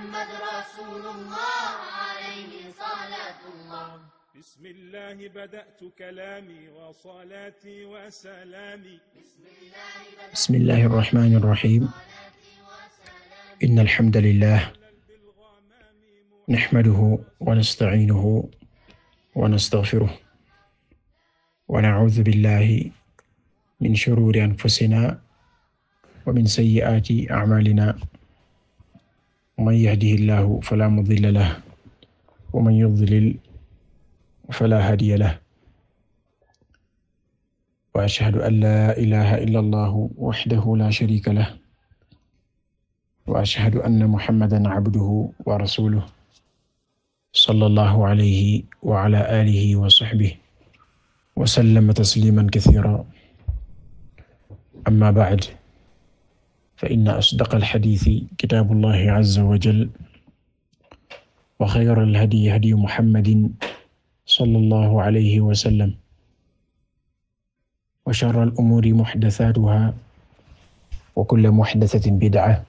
محمد رسول الله عليه صلاة الله بسم الله بدأت كلامي وصلاتي وسلامي بسم الله الرحمن الرحيم إن الحمد لله نحمده ونستعينه ونستغفره ونعوذ بالله من شرور أنفسنا ومن سيئات أعمالنا man yahdihi llahu fala mudilla lah wa man yudlil fala hadiya lah wa ashhadu an la ilaha illa allahu wahdahu la sharika lah wa ashhadu anna muhammadan abduhu wa rasuluhu sallallahu alayhi wa ala alihi wa sahbihi wa sallama tasliman kathira amma ba'd فإن أصدق الحديث كتاب الله عز وجل وخير الهدي هدي محمد صلى الله عليه وسلم وشر الأمور محدثاتها وكل محدثة بدعة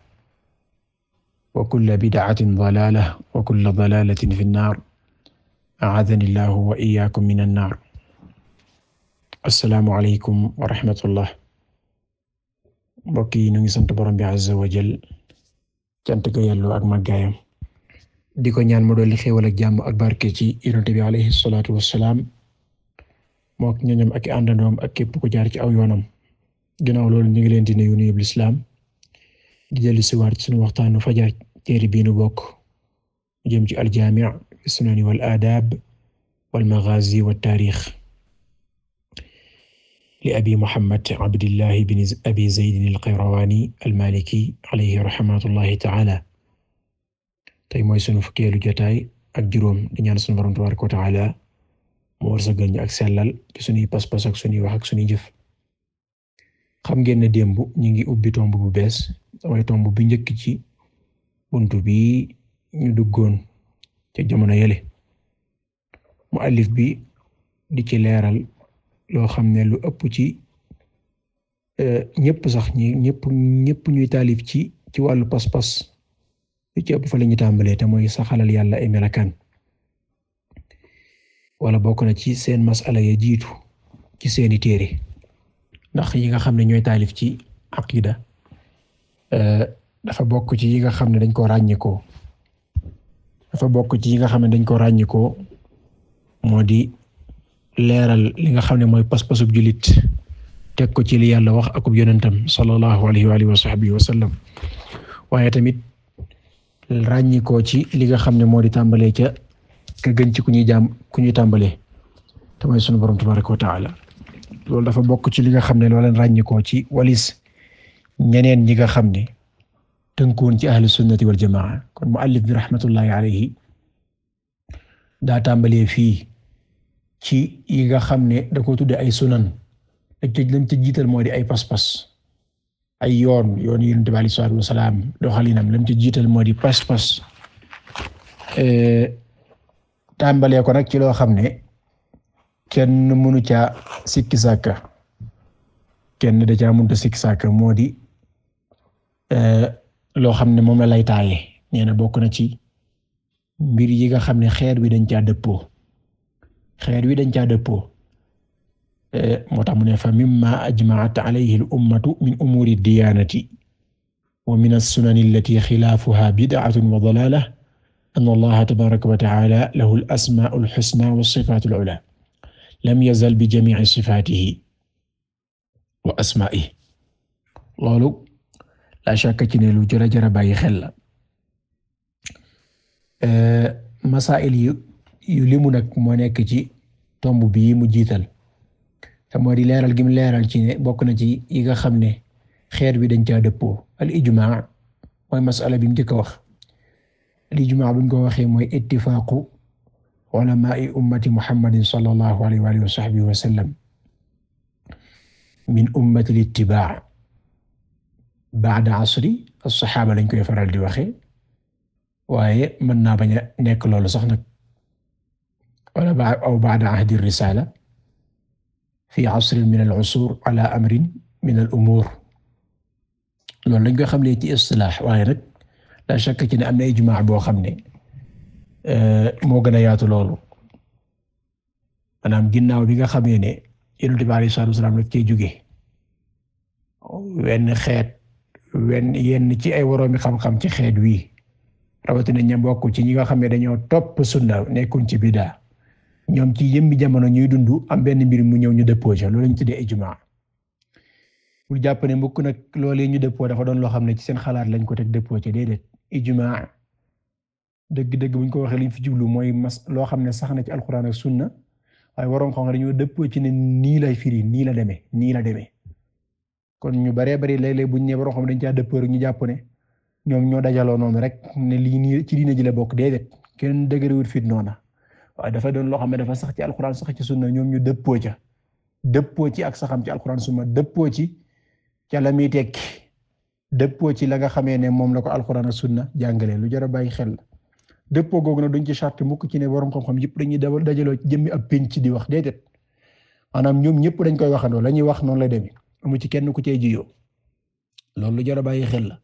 وكل بدعة ضلالة وكل ضلالة في النار أعاذني الله وإياكم من النار السلام عليكم ورحمة الله mbokk yi ñu ngi sant borom bi azza wa jal cant ko yelloo ak màggaayam di ko ñaan mu dolli xéewal ak jàmm ak barke ci yonent bi alayhi salaatu wassalaam moo ak ñoñom ak àndandoom ak képp ku jaar ci aw yoonam ginnaaw loolu ñu ngi leen di nuyu nuyub lislaam di dellu si sunu waxtaanu fajar téere bii nu bokk jëm ci aljaami' fi sunani wal aadaab wal maghaazi li abi muhammad abdillahi bin abi zaydin al-qayrawani al alayhi rahmatullahi taala tey mooy sunu fukkeelu jotaay ak juróom di ñaan sunu borom tabaraka wa taala mu war sa gën ak sellal ci sunuy pas-pas ak sunuy wax ak sunuy jëf xam ngeen ne démb ñu ngi ubbi tomb bu bees damay tomb bu njëkk ci bunt bi ñu duggoon ca jamono yële muallif bi di ci leeral loo xam ne lu ëpp ci euh, ñëpp sax ñi ñëpp ñëpp ñuy taalif ci ci wàllu pas-pas li ci ëpp fa la ñu tàmbalee te mooy saxalal yàlla ay melakaan wala bokk na ci seen masala ya jiitu ci seeni téere ndax yi nga xam ne ñooy taalif ci aqida euh, dafa bokk ci yi nga xam ne dañ koo ràññikoo dafa bokk ci yi nga xam ne dañ koo ràññikoo moo di leeral li nga xam ne mooy pas-pasub jullit teg ko ci li yàlla wax akub yonentam sallallahu alayhi wa alihi wa sahbihi wa sallam waaye tamit ràññikoo ci li nga xam ne moo di tàmbalee ca ka ci ku ñuy jaam ku ñuy tàmbalee te mooy sunu borom tabaraka wa taala loolu dafa bokk ci li nga xam ne loo leen ràññikoo ci walis ñeneen ñi nga xam ne tënkuwoon ci ahlu sunnati wal jamaa kon muallif bi rahmatullahi alayhi daa tàmbalee fii ci yi nga xam ne da ko tudde ay sunan ak ci lañ ci jiital moo di ay pas-pas ay yoon yoon Yonent bi sallallahu alayhi wasallam doxalinam lam ci jiital moo di pas-pas e, tàmbalee ko nag ci loo xam ne kenn mënu caa sikki kenn da caa mënta sikki sàkka moo di e, loo xam ne moom la lay taaye nee na ci mbir yi nga xam ne xeer bi dañ caa xeet wi dañ caa dëppoo eh, moo tax mu ne fa mimma ajma'at alayhi al ummatu min umuri diyaanati wa min as-sunan allati xilaafuha bid'atun wa dalaalatun anna allaha tabaaraka wa ta'aala lahu al asmaa'u al husnaa wa sifaatu al ulaa lam yazal bi jamii'i sifaatihi wa asmaa'ihi loolu la shakka ci ne lu jara jara bàyyi xel la eh, masaa'il yu limu nag moo nekk ci tomb bii mu jiital te moo di leeral gi mu leeral ci ne bokk na ci yi nga xam ne xeer bi dañ caa dëppoo al ijmaa mooy masala bi mu njëkk wax al ijmaa buñ ko waxee mooy ittifaaqu ulamaai ummati muhammadin sallallahu alayhi wa alihi wa sahbihi wa sallam min lañ koy faral di waxee waaye mën naa bañ a nekk loolu sax nag wala ba aw ba'da ahdi risala fi asrin min al-usur ala amrin min al loolu lañ koy xam ne ci istilaax waaye nag la shakka ci ne am na ijmaa boo xam ne moo gën a yaatu loolu maanaam ginnaaw bi nga xamee ne Yonent bi alayhi salaatu wa salaam daf cee jóge wenn xeet wenn yenn ci ay woroomi xam-xam ci xeet wi rawatina ña bokk ci ñi nga xam ne dañoo topp sunna nekkuñ ci bidaa ñoom ci yëmmi jamono ñuy dundu am benn mbir mu ñëw ñu déposé loolu lañu tuddee ijmaa bul jàpp ne mbokk nag loolee ñu déposé dafa doon loo xam ne ci seen xalaat lañ ko teg déposé déedéet ijmaa dëgg buñ ko waxee liñ fi jublu mooy mas loo xam ne sax na ci alxuraan ak sunna waaye waroon xam ne dañoo dëppoo ci ne nii lay firi nii la demee nii la demee kon ñu baree bari léeg-léeg buñ ne waroon xam dañ caa dëppoo rek ñu jàpp ne ñoom ñoo dajaloo noonu rek ne lii nii ci diina ji la bokk déedéet kenn dëgërëwut fit noona waaye dafa doon loo xam ne dafa sax ci alxuraan sax ci sunna ñoom ñu dëppoo ca dëppoo ci ak saxam ci alxuraan sunna dëppoo ci ca la muy tekki dëppoo ci la nga xamee ne moom la ko alxuraan ak sunna jàngalee lu jar a bàyyi xel la dëppoo googu duñ ci charte mukk ci ne borom xam yëpp dañuy dabal dajaloo ci jëmmi ab penc di wax déedéet maanaam ñoom ñëpp dañ koy waxandoo la ñuy wax noonu lay demee amu ci kenn ku cay jiyoo loolu lu jar a bàyyi xel la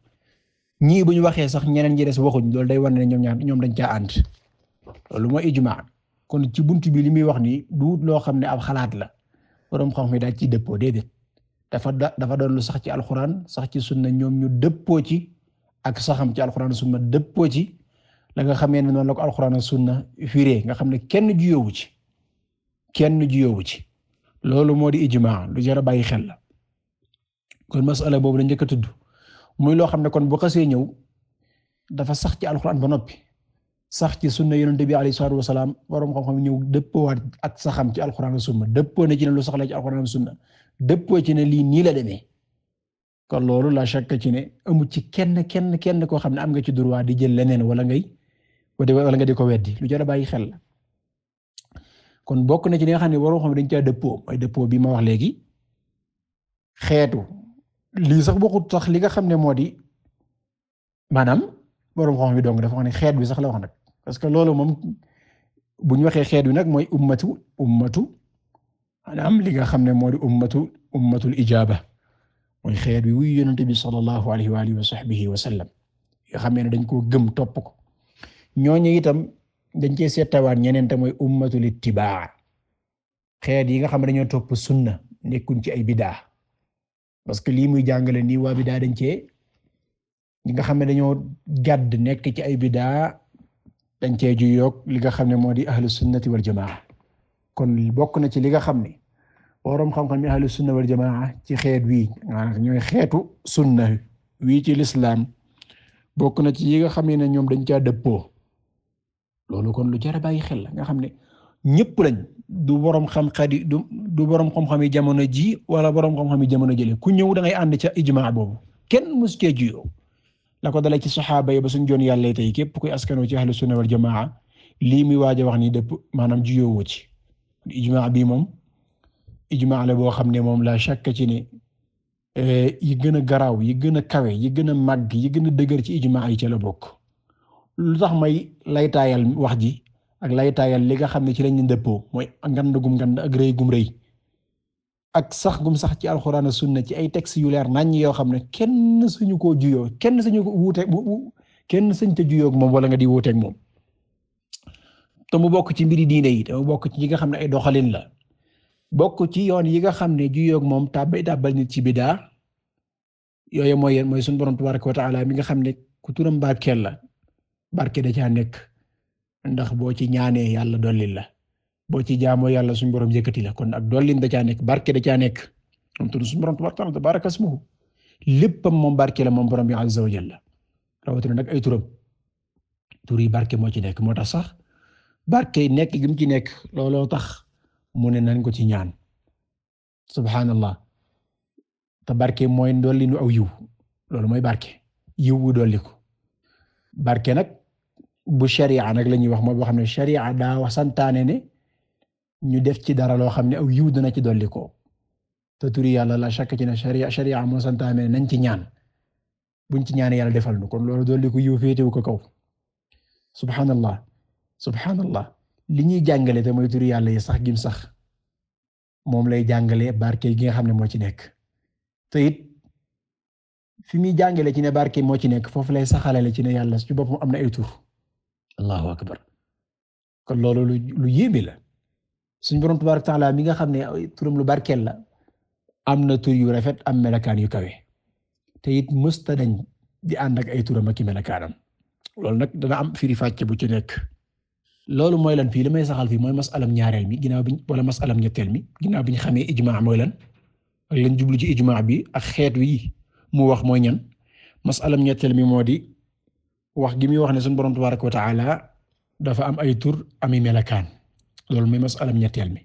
ñii bu ñu waxee sax ñeneen ji des waxuñ loolu day wane ne ñoom ñaar ñoom dañ caa ànd loolu mooy ijmaa kon ci buntu bi li muy wax nii du loo xam ne ab xalaat la borom xam mi daal ciy dëppoo déedéet dafa da dafa doon lu sax ci alxuraan sax ci sunna ñoom ñu dëppoo ci ak saxam ci alxuraan sunna dëppoo ci la nga xamee ne noonu la ko alxuraan sunna firee nga xam ne kenn juyoowu ci kenn juyoowu ci loolu moo di ijmaa du jar a bàyyi xel la kon masala boobu la njëkk a tudd muy loo xam ne kon bu xasee ñëw dafa sax ci alxuraan ba noppi. sax ci sunna yonent bi alayhi salaatu wasalaam borom xam-xam ñëw dëppoowaat ak saxam ci alxuraan ak sunna dëppoo na ci ne lu sax la ci alxuraan ak sunna dëppoo ci ne lii nii la demee kon loolu la shakka ci ne amu ci kenn kenn kenn koo xam ne am nga ci droit di jël leneen wala ngay wala nga di ko weddi lu jar a bàyyi xel kon bokk na ci li nga xam ne waroo xam dañ caa dëppoo mooy dëppoo bi wax léegi xeetu lii sax bokkut li nga xam ne moo di maanaam borom bi dong dafa ne xeet bi sax la wax nag parce que loolu moom bu ñu waxee xeet wi nag mooy ummatu ummatu maanaam li nga xam ne moo di ummatu ummatul ijaaba mooy xeet wi wuy yonente bi sallallahu alayhi yoo xam ne dañ koo gëm topp ko ñooñu itam dañ cee seetawaat ñeneen te mooy ummatul ittibaa xeet yi nga xam ne dañoo topp sunna nekkuñ ci ay bidaa parce que lii muy jàngale nii waa bidaa dañ cee ñi nga xam ne dañoo gàdd nekk ci ay bidaa dañ cee ju yoog li nga xam ne moo di ahlu sunnati wal jamaa kon bokk na ci li nga xam ni boroom xam-xam yi ahlu sunna wal jamaa ci xeet wii maanaam ñooy xeetu sunna wii ci lislaam bokk na ci yi nga xam ne ñoom dañ caa dëppoo loolu kon lu jar a bàyyi xel la nga xam ne ñëpp lañ du boroom xam-xam du du borom xam yi jamono ji wala borom xam-xam yi jamono jële ku ñëw da ngay ànd ca ijmaa boobu kenn mus cee juyoo la ko dala ci saxaaba yi ba suñ joon yàlla tey képp kuy askanoo ci ahlu sunna wal jamaa lii muy waaj a wax nii dëpp maanaam juyóowu ci ijmaa bi moom ijmaa la boo xam ne moom la shakka ci ne eh, yi gën a garaaw yi gën a kawe yi gën a màgg yi gën a dëgër ci ijmaa yi ca la bokk lu tax may laytaayal wax ji ak laytaayal li nga xam ne ci lañ dëppoo mooy ngand gum ngand ak rëy gum rëy ak sax gum sax ci alxuraan ak na ci ay tex yu leer yoo xam ne kenn suñu koo juyoo kenn suñu ko wuute kenn suñ te juyoo moom wala nga di wuuteeg moom te bokk ci mbiri diine yi te bokk ci yi nga xam ne ay doxalin la bokk ci yoon yi nga xam ne juyoo moom tàbbay tàbbal nit ci bidaa yooyu mooy yéen mooy suñu borom tabaraka wa taala mi nga xam ne ku turam barkeel la barke da caa nekk ndax boo ci ñaanee yàlla dolli la. boo ci jaamoo yàlla suñu borom yëkkati la kon ak dollin da caa nekk barke da caa nekk moom tudd suñu borom tabaraka tabaraka ismuhu léppam moom barke la moom borom bi azza wa jalla rawatina nag ay turam yi barke moo ci nekk moo tax sax barke nekk gi ci nekk looloo tax mu ne nañ ko ci ñaan subhaanallah te barke mooy dollinu aw yiw loolu mooy barke yiw wu dolli ko barke nag bu sharia nag la ñuy wax mooy boo xam ne sharia daa wax santaane ne ñu def ci dara loo xam ne aw yiw dana ci dolli ko turi yàlla la shakk ci ne sharia sharia moo santaane ci ñaan buñ ci ñaan yàlla defal nu kon loolu dolli ko yiw féetewu ko kaw subhanallah subhanallah li ñuy jàngale te mooy yàlla yi sax gim sax moom lay jàngale barke gi nga xam ne moo ci nekk te fi muy jàngale ci ne barke moo ci nekk foofu lay saxalale ci ne yàlla ci boppam am na ay tur allahu akbar kon la suñu borom tabaaraka taala mi nga xam ne turam lu barkeel la am na tur yu rafet am melakaan yu kawe te it mësta dañ di ànd ak ay turam ak i melakaanam loolu nag dana am firi fàcce bu ci nekk loolu mooy lan fii li may saxal fii mooy masalam ñaareel mi ginnaaw biñ wala masalam ñetteel mi ginnaaw biñ xamee ijmaa mooy lan lañ jublu ci ijmaa bi ak xeet wi mu wax mooy ñan masalam ñetteel mi moo di wax gi muy wax ne suñu borom tabaaraka wa taala dafa am ay tur ami melakaan loolu muy masalam ñetteel mi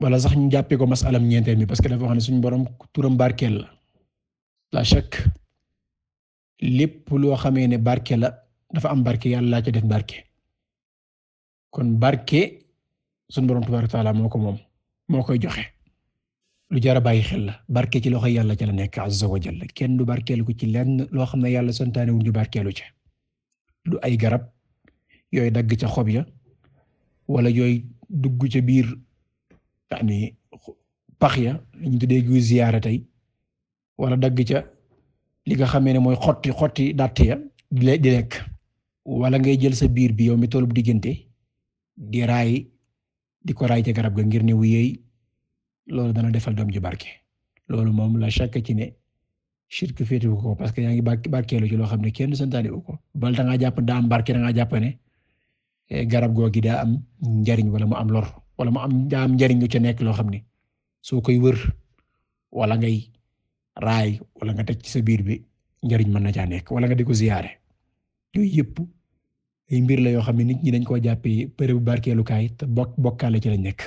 wala sax ñu ko masalam ñeenteel mi parce que dafa wax ne suñu borom turam barkeel la la chaque lépp loo xamee ne barke la dafa am barke yàlla laa ca def barke kon barke suñu borom tabaaraka taala moo ko moom moo koy joxe lu jar a bàyyi xel la barke ci loxo yàlla ca la nekk azza wa kenn du barkeelu ko ci lenn loo xam ne yàlla santaane wu ñu barkeelu ca lu ay garab yooyu dagg ca xob ya wala yooyu dugg ca biir yaani pax ya ñu tuddee guy ziyaara tey wala dagg ca li nga xamee ne mooy xotti xotti datt ya di lekk wala ngay jël sa biir bi yow mi tolub diggante di raay di ko raay ca garab ga ngir ne wuyeey loolu dana defal doom ji barke loolu moom la chaque ci ne shirk féetu ko parce que yaa ngi barkeelu ci loo xam ne kenn santaane ko bal da ngaa jàpp daa am barke da ngaa Eh, garab googi daa am njariñ wala mu am lor wala mu am daa njariñ lu ca nekk loo xam ni soo koy wër wala ngay raay wala nga teg ci sa biir bi njariñ man na caa nekk wala nga di ko ziyaare yooyu yëpp ay mbir la yoo xam ne nit ñi dañ koo jàppee bérébu barkeelukaay te bokk ci lañ nekk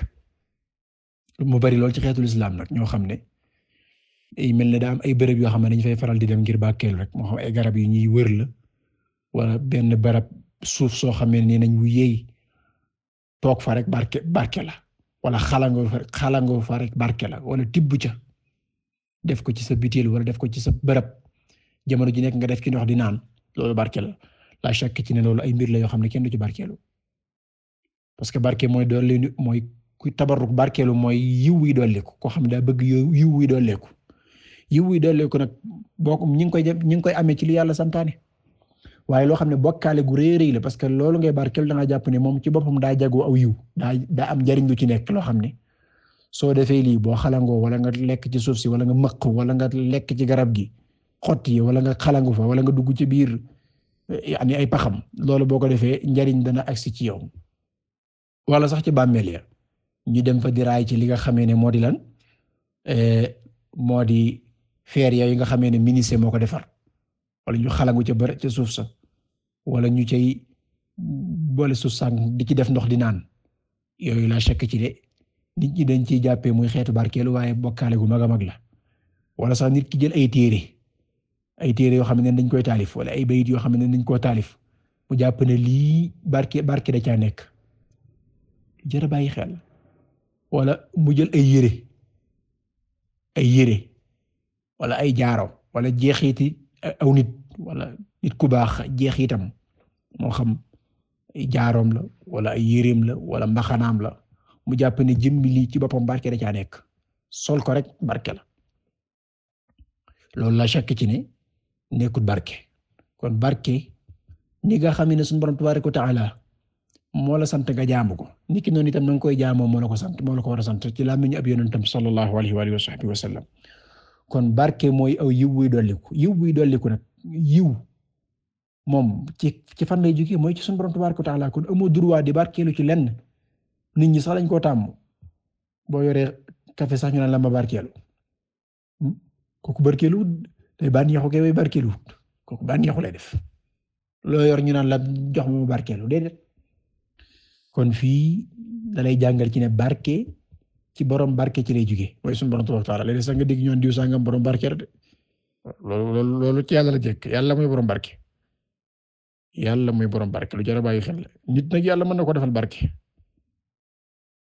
mu bari lool ci xeetul islam nag ñoo xam ne ay mel ne daam ay bërëb yoo xam ne dañu fay faral di dem ngir barkeelu rek moo xam ay garab yi ñuy wër la wala benn barab suuf soo xamee nee nañ wu yey toog fa rek barke barke la wala xalango xalango fa rek barke la wala tibb ca def ko ci sa butéel wala def ko ci sa bërëb jamono ji nekk nga def ki ndox di naan loolu barke la la chaque ci ne loolu ay mbir la yoo xam ne kenn du ci barkeelu parce que barke mooy dolli mooy ku tabarruk barkeelu mooy yiw wi dolleeku koo xam ne daa bëgg yiw wi dolleeku yiw wi dolleeku nag boo ko ñu ngi koy ñu ngi koy amee ci li yàlla santaane waaye loo xam ne bokkaale gu rëy rëy la parce que loolu ngay barkel da nga jàpp ne moom ci boppam daa jagoo aw yiw daa daa am njariñ lu ci nekk loo xam ne soo defee lii boo xalangoo wala nga lekk ci suuf si wala nga mëq wala nga lekk ci garab gi xott yi wala nga xalangu fa wala nga dugg ci biir eh, ani ay paxam loolu boo ko defee njariñ dana agsi ci yow wala sax ci bàmmeel ya ñu dem fa di raay ci li nga xamee ne moo di lan eh, moo di feer ya yi nga xamee ne ministère moo ko defar wala ñu xalangu ca bër ca suuf sax wala ñu cay boole su sàng di ci def ndox di naan yooyu laa sekk ci de nit ñi dañ ciy jàppee muy xeetu barkeelu waaye bokkaale gu mag a mag la wala sax nit ki jël ay téere ay téere yoo xam ne dañ koy taalif wala ay bayit yoo xam ne dañ koo taalif mu jàpp lii barke barke da caa nekk jërë bàyyi xel wala mu jël ay yére ay yére wala ay jaaro wala jeexiti aw nit wala nit ku baax jeexitam moo xam jaaroom la wala ay yéreem la wala mbaxanaam la mu jàpp ne jëmmi lii ci boppam barke da caa nekk sol ko rek barke la loolu la chàkk ci ne nekkul barke kon barke ni nga xam ne suñu borom tabaaraka wa ta'ala moo la sant nga jaamu ko nit ki noonu itam na nga koy jaamoo moo la ko sant moo la ko war a sant ci làmmiñu ab yonentam sallallahu alayhi wa sahbihi wa sallam kon barke mooy aw yiw buy dolliku yiw buy dolliku nag yiw moom ci fan lay jóge mooy ci suñu borom tabaaraka wa taala kon amoo droit di ci lenn nit ñi sax lañ koo tàmm boo yore café sax ñu naan la ma barkeelu hmm? kooku barkeelu day bànneexu kay way barkeelu kooku bànneexu lay def yor ñu naan la jox ma ma barkeelu déedéet kon fii dalay jàngal ci ne barke ci borom barke ci lay jóge mooy suñu borom tabaaraka wa taala léeg-léeg sax nga dégg ñoon diw sangam borom barkeel de loolu loolu ci yàlla la jekk yàlla mooy borom barke. yàlla muy borom barke lu jar a bàyyi xel nit nag yàlla mën na ko defal barke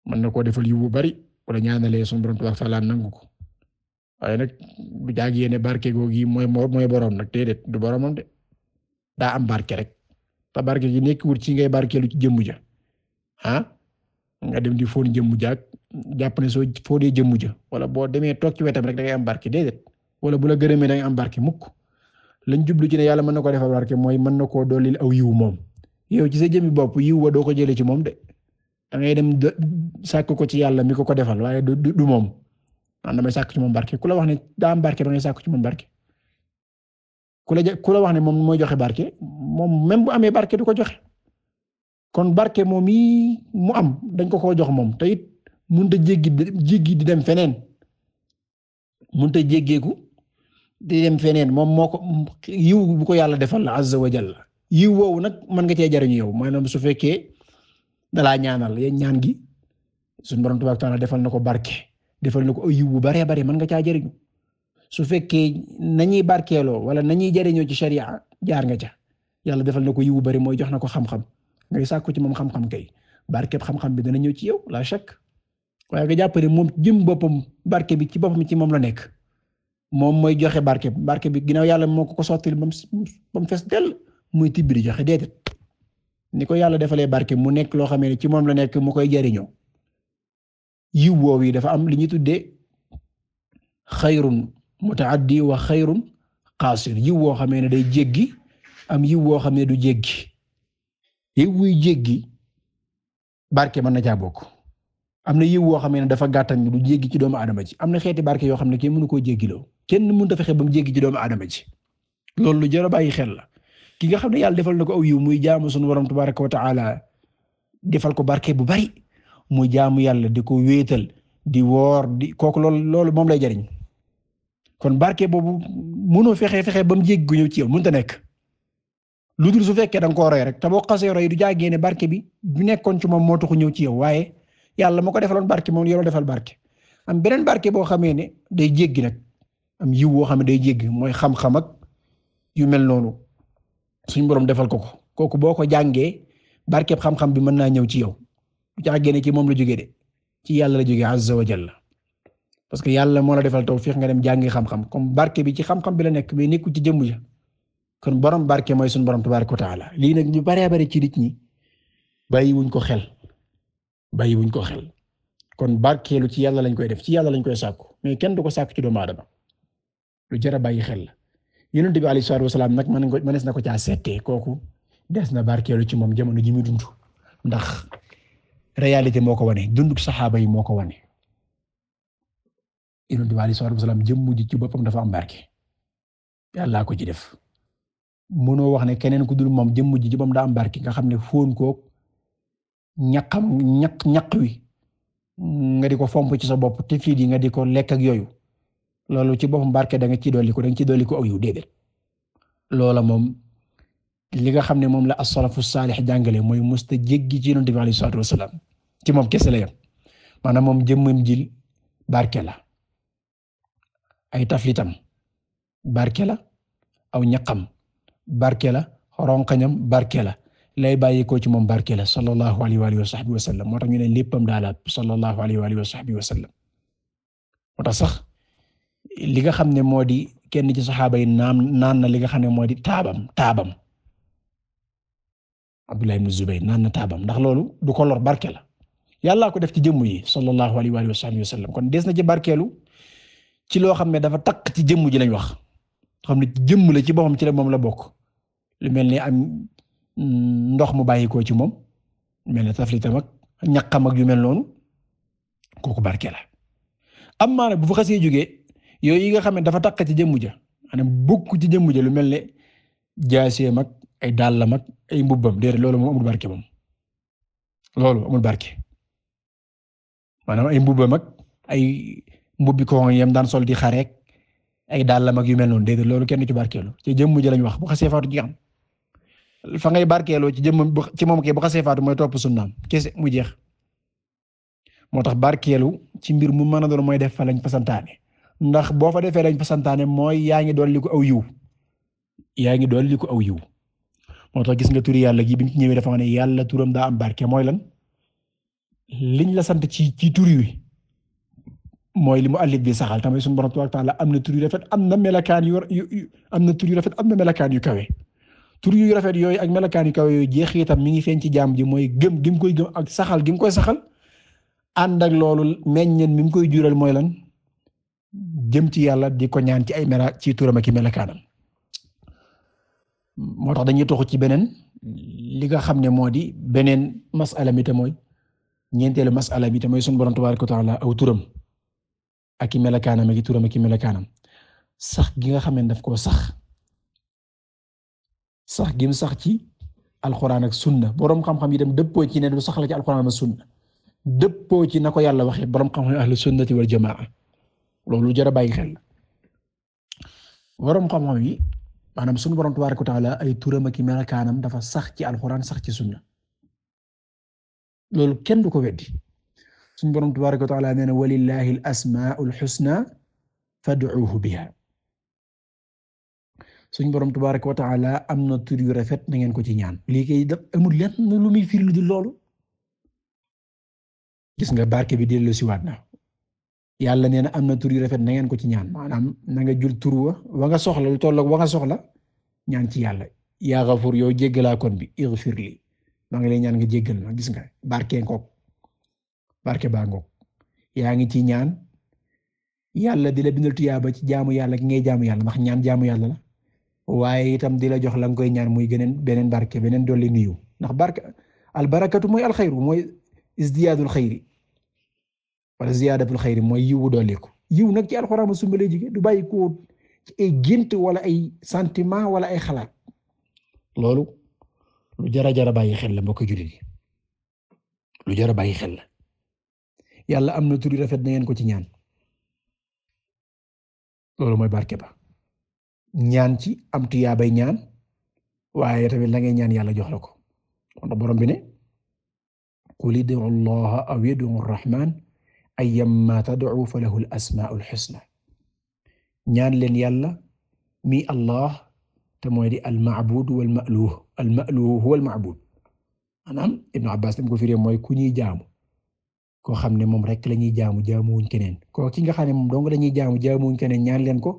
mën na koo defal yu bu bari wala ñaanalee sunu borom tabaaraka ta'aala nangu ko waaye nag bu jaag yéene barke googu mooy mooy borom nag déedéet du boromam de daa am barke rek te barke gi nekk wut ci ngay barkeelu ci jëmmu ja ah nga dem di fóon jëmmu ja ak jàpp ne soo fóonee jëmmu ja wala boo demee toog ci wetam rek da ngay am barke déedéet wala bu la gërëmee da ngay am barke mukk lañ jublu ci ne yàlla mën na ko defal barke mooy mën na koo dollil aw yiw moom yow ci sa jëmmi bopp yiw wa doo ko jëlee ci moom de da ngay dem sàkk ko ci yàlla mi ko ko defal waaye du du moom man damay sàkk ci moom barke ku la wax ne daam am barke da ngay sàkk ci moom barke. ku ku la wax ne moom mooy joxe barke moom même bu amee barke du ko joxe kon barke moom yi mu am dañ ko koo jox moom te it a jéggi jéggi di dem feneen mun a jéggeeku. di dem feneen moom moo ko yiw bu ko yàlla defal la azza wa jalla yiw woowu nag mën nga cee jariñu yow maanaam su fekkee dalaa ñaanal yéen ñaan gi suñu borom tabaaraka taala defal na ko barke defal na ko yiw bu baree bare mën nga caa jariñu su fekkee nañuy barkeeloo wala nañuy jariñoo ci sharia jaar nga ca yàlla defal na ko yiw bu bari mooy jox na ko xam-xam ngay sàkku ci moom xam-xam kay barkeb xam-xam bi dana ñëw ci yow la chaque waaye nga jàpp ne moom jëm boppam barke bi ci boppam ci moom la nekk. moom mooy joxe barke barke bi ginnaaw yàlla moo ko ko sottil ba mu ba mu fees dell muy tibb di joxe déedéet ni ko yàlla defalee barke mu nekk loo xamee ne ci moom la nekk mu koy jariñoo yiw woowu yi dafa am li ñuy tuddee xayrun mutaaddi wa xayrun qaasir yiw woo xamee ne day jéggi am yiw woo xam ne du jéggi yiw wuy jéggi barke mën na caa bokk am na yiw woo xamee ne dafa gàttan du jéggi ci doomu aadama ci am na xeeti barke yoo xam ne kenn mënu koo jéggiloo kenn mun a fexe ba mu jéggi ci doomu aadama ji loolu lu jar a bàyyi xel la ki nga xam ne yàlla defal na ko aw yiw muy jaamu sunu borom tabaraka wa taala defal ko barke bu bari muy jaamu yàlla di ko wéetal di woor di kooku loolu loolu moom lay jariñ kon barke boobu munoo fexe fexe ba mu jéggi gu ñëw ci yow mënut a nekk. lu dul su fekkee da koo roy rek te boo xasee roy du jaagee ne barke bi bu nekkoon ci moom moo taxu ñëw ci yow waaye yàlla moo ko defaloon barke moom yow defal barke am beneen barke boo xamee ne day jéggi nag. am yiw woo xam ne day jéggi mooy xam-xam yu mel noonu suñ borom defal ko ko kooku boo ko jàngee barkeeb xam-xam bi mën naa ñëw ci yow du caa génne ci moom la jógee de ci yàlla la jógee azza wa jalla que yàlla moo la defal tawfiq nga dem jàngi xam-xam comme barke bi ci xam bi la nekk mais nekkul ci jëmm ja kon borom mooy suñu borom tabaaraka wa taala lii nag ñu baree bari ci nit ñi bàyyi ko xel bàyyi wuñ ko xel kon barkeelu ci yàlla lañ koy def ci yàlla lañ koy sàkku mais kenn du ko sàkku ci doomu aadama lu jar a bàyyi xel la yonent bi alayhi salaatu wasalaam nag mën nga mënees na ko caa seetee kooku des na barkeelu ci moom jamono ji muy dund ndax réalité moo ko wane dunduk saxaaba yi moo ko wane yonent bi alayhi salaatu wasalaam jëmm ji ci boppam dafa am barke yàllaa ko ci def mënoo wax ne keneen ku dul moom jëmm ji ci boppam daa am barke nga xam ne foon ko ñaqam ñaq ñaq wi nga di ko fomp ci sa bopp te fii di nga di ko lekk ak yooyu loolu ci boppam barke da nga ci dolli ko da nga ci dolli ko aw yu déedéet loola moom li nga xam ne moom la as-salafu saalix jàngale mooy musta jéggi ci yonent bi alayhi salaatu ci moom kese la yam maanaam moom jëmmam ji barke la ay taflitam barke la aw ñaqam barke la ronkañam barke la lay bàyyi ko ci moom barke la sallallahu alayhi wa alihi wa sahbihi wa moo tax ñu ne léppam daala sallallahu alayhi wa alihi wa sahbihi wa sallam moo tax sax li nga xam ne moo di kenn ci saxaaba yi naan naan na li nga xam ne moo di taabam taabam Abdullah ibn Zubayr naan na taabam ndax loolu du ko lor barke la yàllaa ko def ci jëmm yi sallallahu alayhi wa sahbihi wa sallam kon des na ci barkeelu ci loo xam ne dafa takk ci jëmm ji lañ wax xam ne jëmm la ci boppam ci la moom la bokk lu mel ni am mm, ndox mu bàyyikoo ci moom mel ne taflitam ak ñaqam yu mel noonu kooku barke la am maana bu fa xasee jógee yooyu yi nga xam ne dafa taq ci jëmmu ja maanaam bokk ci jëmmu ja lu mel ne jaaseem ak ay la mag ay mbubbam déedéet loolu moom amul barke moom amul barke maanaam ay mbubbam ak ay mbubbi ko yam daan sol di xareek ay dàllam ak yu mel noonu déedéet loolu kenn ci barkeelu ci jëmmu ja lañ wax bu xasee faatu ji fa ngay barkeeloo ci jëmm ci moom kay bu xasee faatu mooy topp sunnaam kese mu jeex moo tax barkeelu ci mbir mu mën a doon mooy def fa lañ fa ndax boo fa defee lañ fa santaane mooy yaa ngi doon li ko aw yiw yaa ngi doon li ko aw yiw moo tax gis nga turi yàlla gi bi ci ñëwee dafa ne yàlla turam daa am barke mooy lan liñ la sant ci ci tur wi mooy li mu allif bi saxal tamit suñu borom tabaaraka taala am na tur yu am na melakaan yu am na tur yu rafet am na melakaan yu kawe tur yu rafet yooyu ak melakaan yu kawe yooyu jeex jeexitam mi ngi feeñ ci jaam ji mooy gëm gi koy gëm ak saxal gi mu koy saxal ànd ak loolu meññeen mi mu koy jural mooy lan jëm ci yàlla di ko ñaan ci ay mela ci turam ak i melakaanam moo tax dañuy toxu ci beneen li nga xam ne moo di beneen masala te mooy ñeenteelu masala bi te mooy sunu borom tabaaraka wa taala aw turam ak i melakaanam ak i sax gi nga xam daf koo sax sax gi sax ci alxuraan ak sunna borom xam-xam yi dem dëppoo ci ne du sax la ci alxuraan ak sunna dëppoo ci na ko yàlla waxee borom xam-xam ahlu sunnati wal jamaa loolu jar a bàyyi xel waroom xam-xam yi maanaam sunu borom tabaaraka wa taala ay turam ak i melokaanam dafa sax ci alxuraan sax ci sunna loolu kenn du ko weddi suñ borom tabaaraka wa taala nee na walillahi al-asmaa'ul husna fad'uuhu biha sunu borom tabaaraka wa taala am na tur yu rafet na ngeen ko ci ñaan. lii kay amul lenn lu muy firi lu loolu gis nga barke bi dellu si waat na yàlla nee na am na tur yu rafet na ngeen ko ci ñaan maanaam na nga jul tur wa wa nga soxla lu toll wa nga soxla ñaan ci yàlla yaa Gafuur yow jéggalaa kon bi ighfir li maa ngi lay ñaan nga jéggal ma gis nga barke ngoog barke baa ngoog yaa ngi ci ñaan yàlla di la bindal tuyaaba ci jaamu yàlla ki ngay jaamu yàlla ndax ñaan jaamu yàlla la waaye itam di la jox la nga koy ñaan muy geneen beneen barke beneen dolli nuyu ndax barke al barakatu mooy al xayru mooy isdiyaadul xayri wala ziyaadatul xayri mooy yiwu dooleeku yiw nag ci alxuraan ma sumbalee jigéen du bàyyi ko ci ay gént wala ay sentiment wala ay xalaat loolu lu jara jara bàyyi xel la mbokk jullit yi bàyyi xel la yàlla am na tur yu rafet na ngeen ko ci ñaan loolu mooy barke ba ñaan ci am tuyaabay ñaan waaye tamit la ngay ñaan yàlla jox la ko kon borom bi ne qul ud'u llaha aw ayyamma tad'u falahu al-asmaa'ul husna ñaan leen yàlla mi allah te mooy di al-ma'buud wal-ma'luuh al-ma'luuh huwa al-ma'buud maanaam Ibn Abbas tam ko mooy ku ñuy jaamu koo xam ne moom rek la ñuy jaamu jaamuwuñ keneen koo ki nga xam ne moom dong la ñuy jaamu jaamuwuñ keneen ñaan leen ko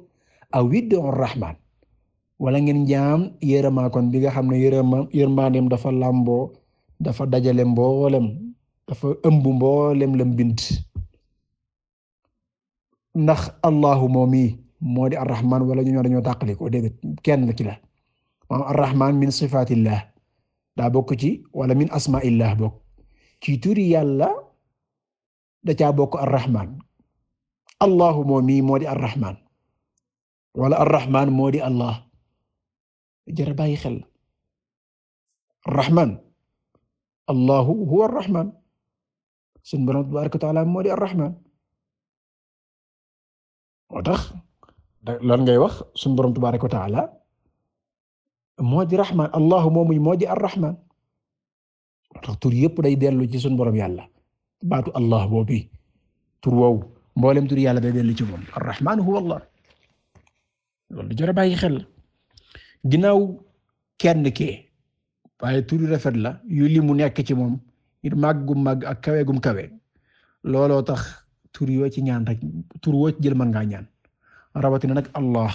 aw iddu rahmaan wala ngeen jaam yërëmaa kon bi nga xam ne yërëma yërmaaneem dafa làmboo dafa dajale mboolem dafa ëmb mboolem la mbind ndax Allahu moomi moo di arrahman wala ñu ñoo dañoo tàqaliko dégg kenn ki la maanaam min sifatillah daa bokk ci wala min asmaillah bokk ci turi yàlla da ca bokk arrahman Allahu moomi moo di arrahman wala arrahman moo di Allah jërë xel arrahman Allahu huwa arrahman sunu Boroom tabaaraka wa moo di arrahman moo tax lan ngay wax suñu borom tabaaraka wa taala moo di rahmaan allahu moomuy moo di ar-rahmaan moo tax tur yëpp day dellu ci sun borom yàlla baatu allah boobu tur woowu mboolem tur yàlla day dellu ci moom ar-rahmaan huwa allah loolu du bàyyi xel ginnaaw kenn kee waaye tur yu rafet la yu li mu nekk ci moom ngir màggum màgg ak kawe gum kawe looloo tax. tur yoo ci ñaan rek tur woo jël man ngaa ñaan rawatina nag allah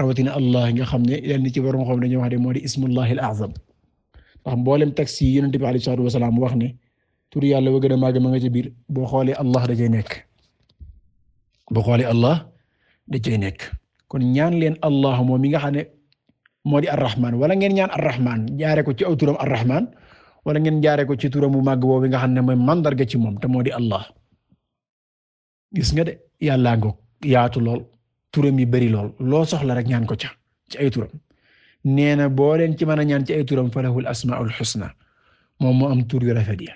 rawatina allah nga xam ne lenn ci borom xam dañuy wax de moo di ismullahi al azam ndax mboolem taxi yi yonent bi alayhi salaatu wasalaam wax ne tur yàlla wa gën a nga ci biir boo xoolee allah da cay nekk boo xoolee allah da cay nekk kon ñaan leen allah moom mi nga xam ne moo di arrahman wala ngeen ñaan arrahman jaare ko ci aw turam arrahman wala ngeen jaare ko ci turam bu màgg boobu nga xam ne mooy mandarga ci moom te moo di allah gis nga de yàllaa ngoog yaatu lool turam yi bari lool loo soxla rek ñaan ko ca ci ay turam nee na boo leen ci mën a ñaan ci ay turam falahul asmaul xusna moom moo am tur yu rafet ya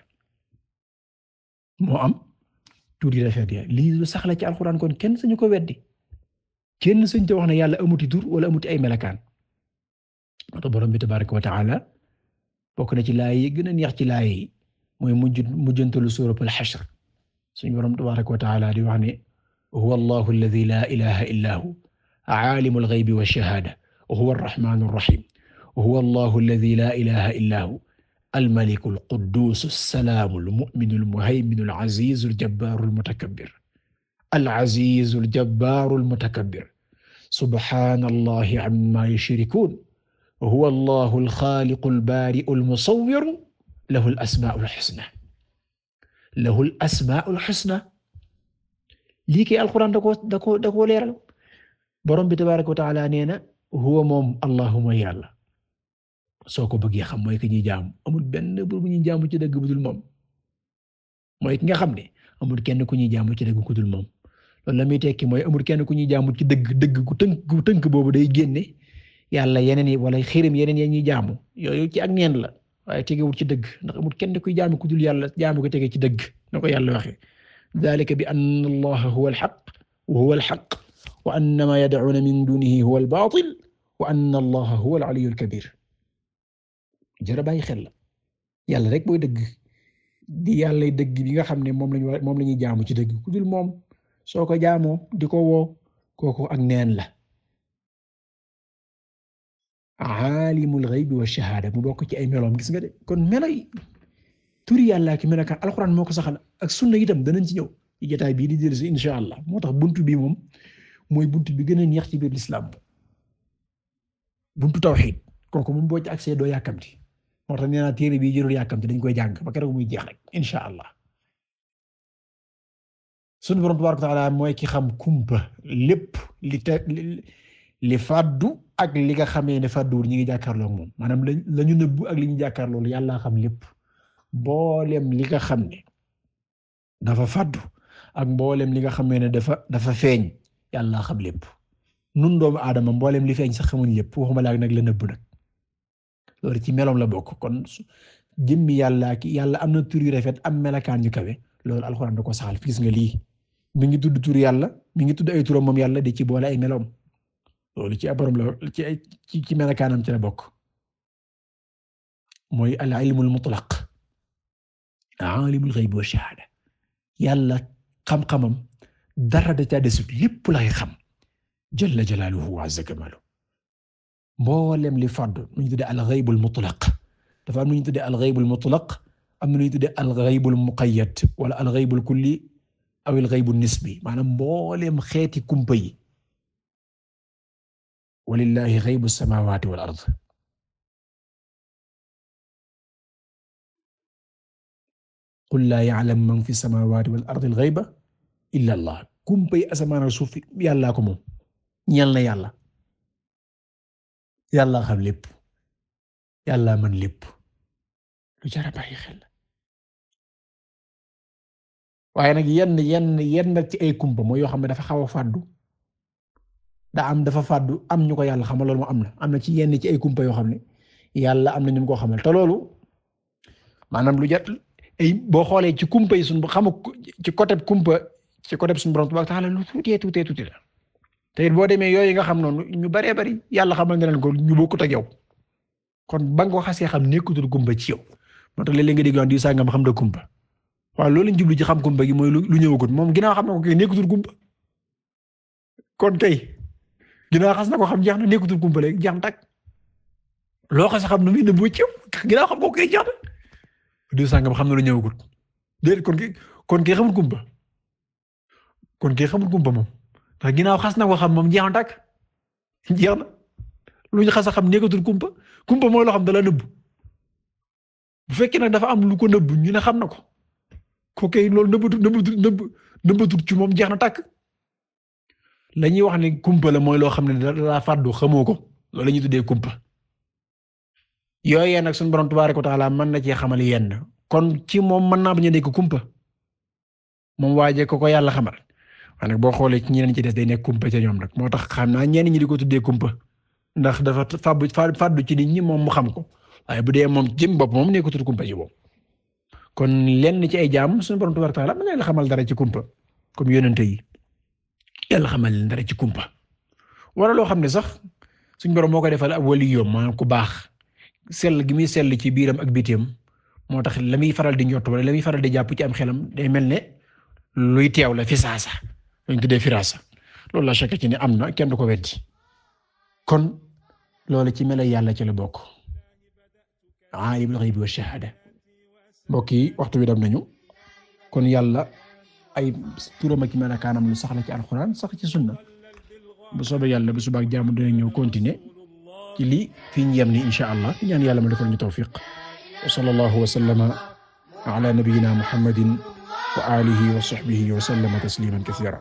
moo am tur yu rafet ya lii lu sax la ci alxuraan kon kenn suñu ko weddi kenn suñ te wax ne yàlla amuti tur wala amuti ay melakaan moo tax borom bi tabaraka wa taala bokk na ci laay yi gën a neex ci laay mooy mujj mujjantalu suuratul xashr suñu boroom tabaaraka wa taala di wax ne huwa allahu alladi laa ilaha illa hu aalimu alxaybi walchahaada huwa arrahmaanu arrahim huwa allahu alladi laa ilaha illa hu almaliku alquddus assalaamu almuminu almuhayminu alazizu aljabaaru almutakabbir alazizu aljabaaru almutakabbir subhaana allahi ammaa yushrikuun huwa allahu alxaaliqu albaari'u almusawwiru lahu alasmaa'u alxusnaa lahul asmaul xusna lii kay alquran da koo da koo da koo leeral borom bi tabaraka wa taala nee na huwa moom allahuma yàlla soo ko bëggee xam mooy ki ñuy jaamu amul benn bur bu ñuy jaamu ci dëgg bu dul mooy ki nga xam ne amul kenn ku ñuy jaamu ci dëgg ku dul moom loolu la muy tekki mooy amul kenn ku ñuy jaamu ci dëgg dëgg gu tënk tënk boobu day génne yàlla yeneen yi wala xirim yeneen ya ñuy jaamu yooyu ci ak neen la waaye tegewul ci dëgg ndax amul kenn kuy jaamu ku dul yàlla jaamu ko tege ci dëgg na ko yàlla waxee dalika bi anna allaha huwa alxaq wa huwa alxaq wa anna ma yad'una min dunihi huwa albaatil wa anna allaha huwa al'aliyyu alkabir jërë bàyyi xel la yàlla rek mooy dëgg di yàllay dëgg bi nga xam ne moom lañu moom la ñuy jaamu ci dëgg ku dul moom soo ko jaamoo di ko woo kooku ak neen la aalimul ghaybi wa shahaada mu bokk ci ay meloom gis nga de kon melo yi turi yàlla ki melokaan alxuraan moo ko saxal ak sunna itam danañ ci ñëw ci jotaay bii di dellusi insha moo tax buntu bii moom mooy buntu bi gën a neex ci biir lislaam buntu tawxiid kooku moom boo ci accès doo yàkkamti moo ta nee naa téere bii jërul yàkkamti dañ koy jàng ba keroog muy jeex rek insha allah sunu borom tabaaraka wa taala mooy ki xam kumpa lépp li fàddu ak li nga xamee ne fàdduwul ñi ngi jàkkaarloo moom maanaam la ñu nëbbu ak li ñu jàkkaarloo yàllaa xam lépp mboolem li nga xam ne dafa fàddu ak mboolem li nga xamee ne dafa dafa feeñ yàllaa xam lépp nun doomu aadama mboolem li feeñ sax xamuñ lépp waxuma laak nag la nëbbu nag loolu ci meloom la bokk kon jëmmi yàllaa ki yàlla am na tur yu rafet am melakaan yu kawe loolu alxuraan da ko saxal gis nga lii mu ngi tudd tur yàlla mu ngi tudd ay turam moom yàlla di ci boole ay meloom. loolu ci borom la ci ay ci ci melakaanam ci la bokk mooy al ilmul mutlaq alimul ghaybi wa shahada yàlla xam-xamam dara da caa desut lépp lay xam jalla jalaaluhu wa azza kamaalu mboolem li fàdd nu ñu tuddee al ghaybul mutlaq dafa am nu ñu tuddee al ghaybul mutlaq am na lu ñu tuddee al ghaybul muqayyad wala al ghaybul kulli aw al ghaybun nisbi maanaam mboolem xeeti kumpa yi. walillahi ghaybu samawati wal ard qul laa ya'lamu man fi samawati wal ardi al ghayba illa allah kumpay asamaan ak suuf yàllaa ko moom ñeel na yàlla yàllaa xam lépp yàllaa mën lépp lu jar a bàyyi xel waaye nag yenn yenn yenn ci ay kumpa mooy yoo xam ne dafa xaw a fàddu daa am dafa fàddu am ñu ko yàlla xamal loolu moo am na am na ci yenn ci ay kumpa yoo xam ne yàlla am na ñu ko xamal te loolu maanaam lu jot ay boo xoolee ci kumpa yi suñu xamu ci côté kumpa ci côté suñu borom Tabaaraka Taala lu tuutee tuutee tuuti la te boo demee yooyu nga xam noonu ñu baree bari yàlla xamal nga leen ko ñu bokkut ak yow kon ba nga ko xasee xam nekkutul kumpa ci yow moo tax léeg-léeg nga dégg di sàngam xam na kumpa waaw loolu lañ jublu ci xam kumpa gi mooy lu ñëwagut moom ginnaaw xam na ko nekkutul kumpa kon tey ginnaaw xas na ko xam jeex na nekkutul kumpale jeex na tàkk loo xas xam nu muy dëbboo ci ginnaaw xam kooku koy jeex na du xam na lu ñëwagut déedéet kon kii kon kii xamul kumpa kon kii xamul kumpa moom ndax ginnaaw xas na ko xam moom jeex na tàkk jeex na lu xas a xam nekkatul kumpa kumpa mooy loo xam dala nëbb bu fekkee nag dafa am lu ko nëbb ñu xam na ko loolu nëbbatul nëbbatul ci moom jeex na tàkk. la ñuy wax ni kumpa la mooy loo xam ne dalaa fàddu xamoo ko loolu la ñuy tuddee kumpa yooyee nag suñu borom tabaaraka wa taala mën na cee xamal yenn kon ci moom mën naa bañ a nekk kumpa moom waaje ko ko yàlla xamal waaye nag boo xoolee ci ñeneen ci des day nekk kumpa ca ñoom nag moo tax xam naa ñenn ñi di ko tuddee kumpa ndax dafa fàbbu fàddu ci nit ñi moom mu xam ko waaye bu dee moom jëm bopp moom nekkatul kumpa ci moom kon lenn ci ay jaam suñu borom tabaaraka wa taala mën xamal dara ci kumpa comme yonente yi yàlla xamal leen ci kumpa wala loo xam ne sax suñ borom moo koy defal ab wali yoom maanaam ku baax sell gi muy sell ci biiram ak bitim moo tax la muy faral di njot wala la muy faral di jàpp ci am xelam day mel ne luy teew la fi saasa luñ tuddee firaasa loolu la chaka ci ne am na kenn du ko weddi kon loolu ci melo yàlla ci la bokk aalimul ghaybi wa shahada mbokk yi waxtu bi dem nañu kon yàlla ay turam ak melokaanam lu sax la ci alxuraan sax ci sunna bu soobee yàlla bu subaak jàmm dina ñëw continuer ci lii fii ñu yem ni insha allah ñaan yàlla ma defal ñu tawfiq wa sallallahu wa sallama ala nabiyyina muhammadin wa alihi wa sahbihi wa sallama tasliman kathira